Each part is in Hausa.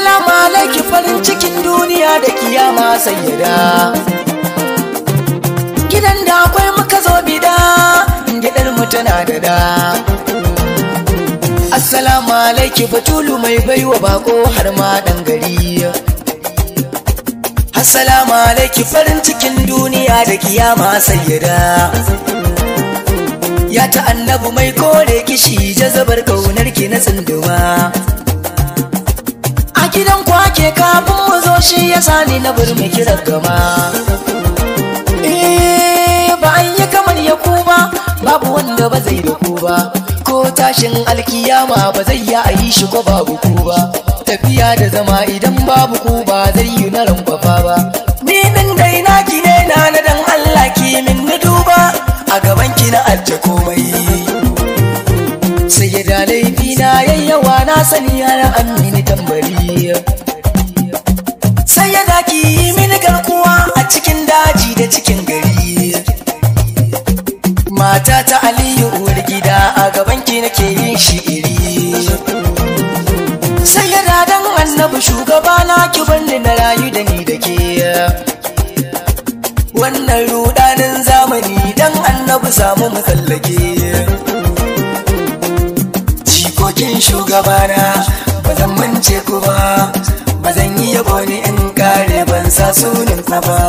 malama laki farin cikin duniya da kiyama sayyada gidan da akwai muka zo bida gidan mu tana da da assalamu alaiki batulu mai baiwa bako har ma dan gari assalamu alaiki farin cikin duniya da kiyama sayyada ya ta annabu mai kore kishi jazabar kaunar ki na tsinduma gidan kwake kafin mu zo shi ya sani na mai kirar gama eh ba an yi kamar ya ba babu wanda ba zai da ku ba ko tashin alkiyama ba zai ya yi shi ko babu ku ba tafiya da zama idan babu kuba zai yi na ramba na sani yara an mini tambari sai ya daki mini garkuwa a cikin daji da cikin gari mata ta aliyu uwar gida a gabanki nake yin shi'iri sai ya dadan annabi shugaba na ki bandi na rayu da ni da ke wannan rudanin zamani dan annabi samu mu tsallake shugaba sa sunan ka ba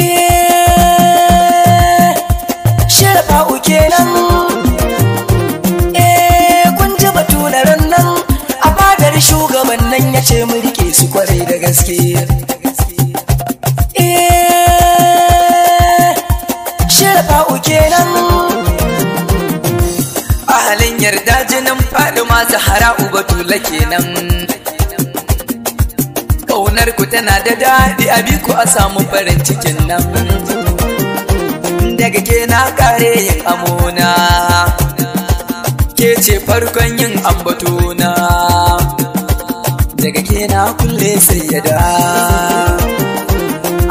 eh sharfa uke nan eh kun ji batu na a fadar shugaban nan ya ce mu rike su kwarai da gaske eh sharfa uke nan a halin yarda jinin fadi ma zahara uba tula kenan ƙaunar ku tana da daɗi a ku a samu farin cikin nan daga ke na kare yin amona ke ce farkon yin ambatona daga ke na kulle sayyada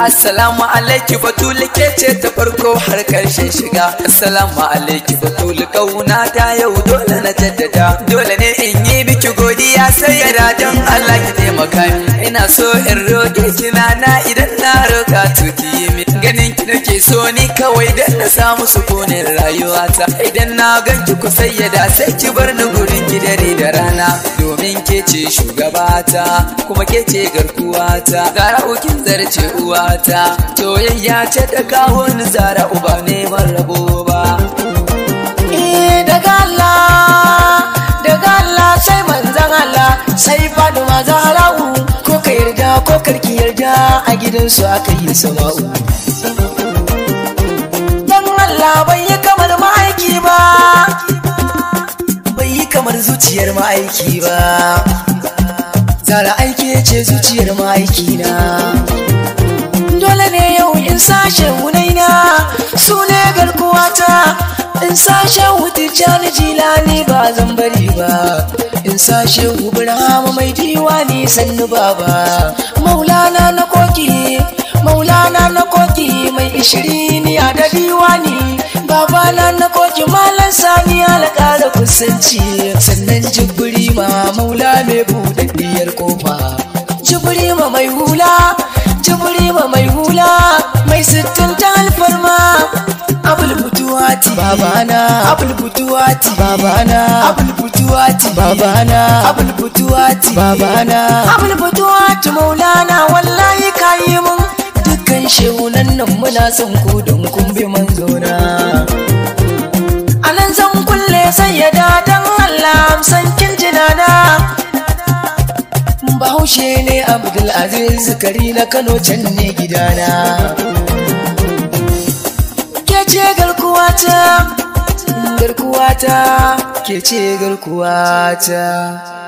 Assalamu alaiki batuli ke ce ta farko har karshen shiga Assalamu alaiki batuli kauna ta yau dole na jaddada dole ne in yi biki godiya sai sayyada don Allah ki taimaka ina so in roƙe kina na idan na roƙa yi min ganin ki nake so ni kawai dan na samu sukunin rayuwata idan na gan ki ku sayyada sai ki bar ni gurin ki dare da rana domin ke ce shugabata kuma ke ce garkuwata gara ukin zarce uwata to yayya ce ta kawo ni zara uba neman rabo ba gidansu aka yi sama'u dan Allah bai yi kamar ma'aiki ba bai yi kamar zuciyar ma'aiki ba zara aiki ce zuciyar ma'aiki na dole ne yau in sashe wunaina su ne garkuwata in sashe wuti jani jilani ba zan bari ba in sashe hubura mai diwani sannu baba maulana na maulana na koki mai ishirini a da wani babana na koki malan sani da kusanci sannan jibiri ma maula mai buɗaɗɗiyar kofa jibiri ma mai hula jibiri ma mai hula mai sittin ta alfarma abul butuwati babana abul butuwati babana abul butuwati babana abul butuwati babana abul butuwati maulana wallahi kayi mun shehunan nan muna son ku don kun bi manzona a nan zan kulle sayyada don allah san kin jinana bahaushe ne abdulaziz kari na kano can ne gidana ke ce garkuwata ta ke ce ta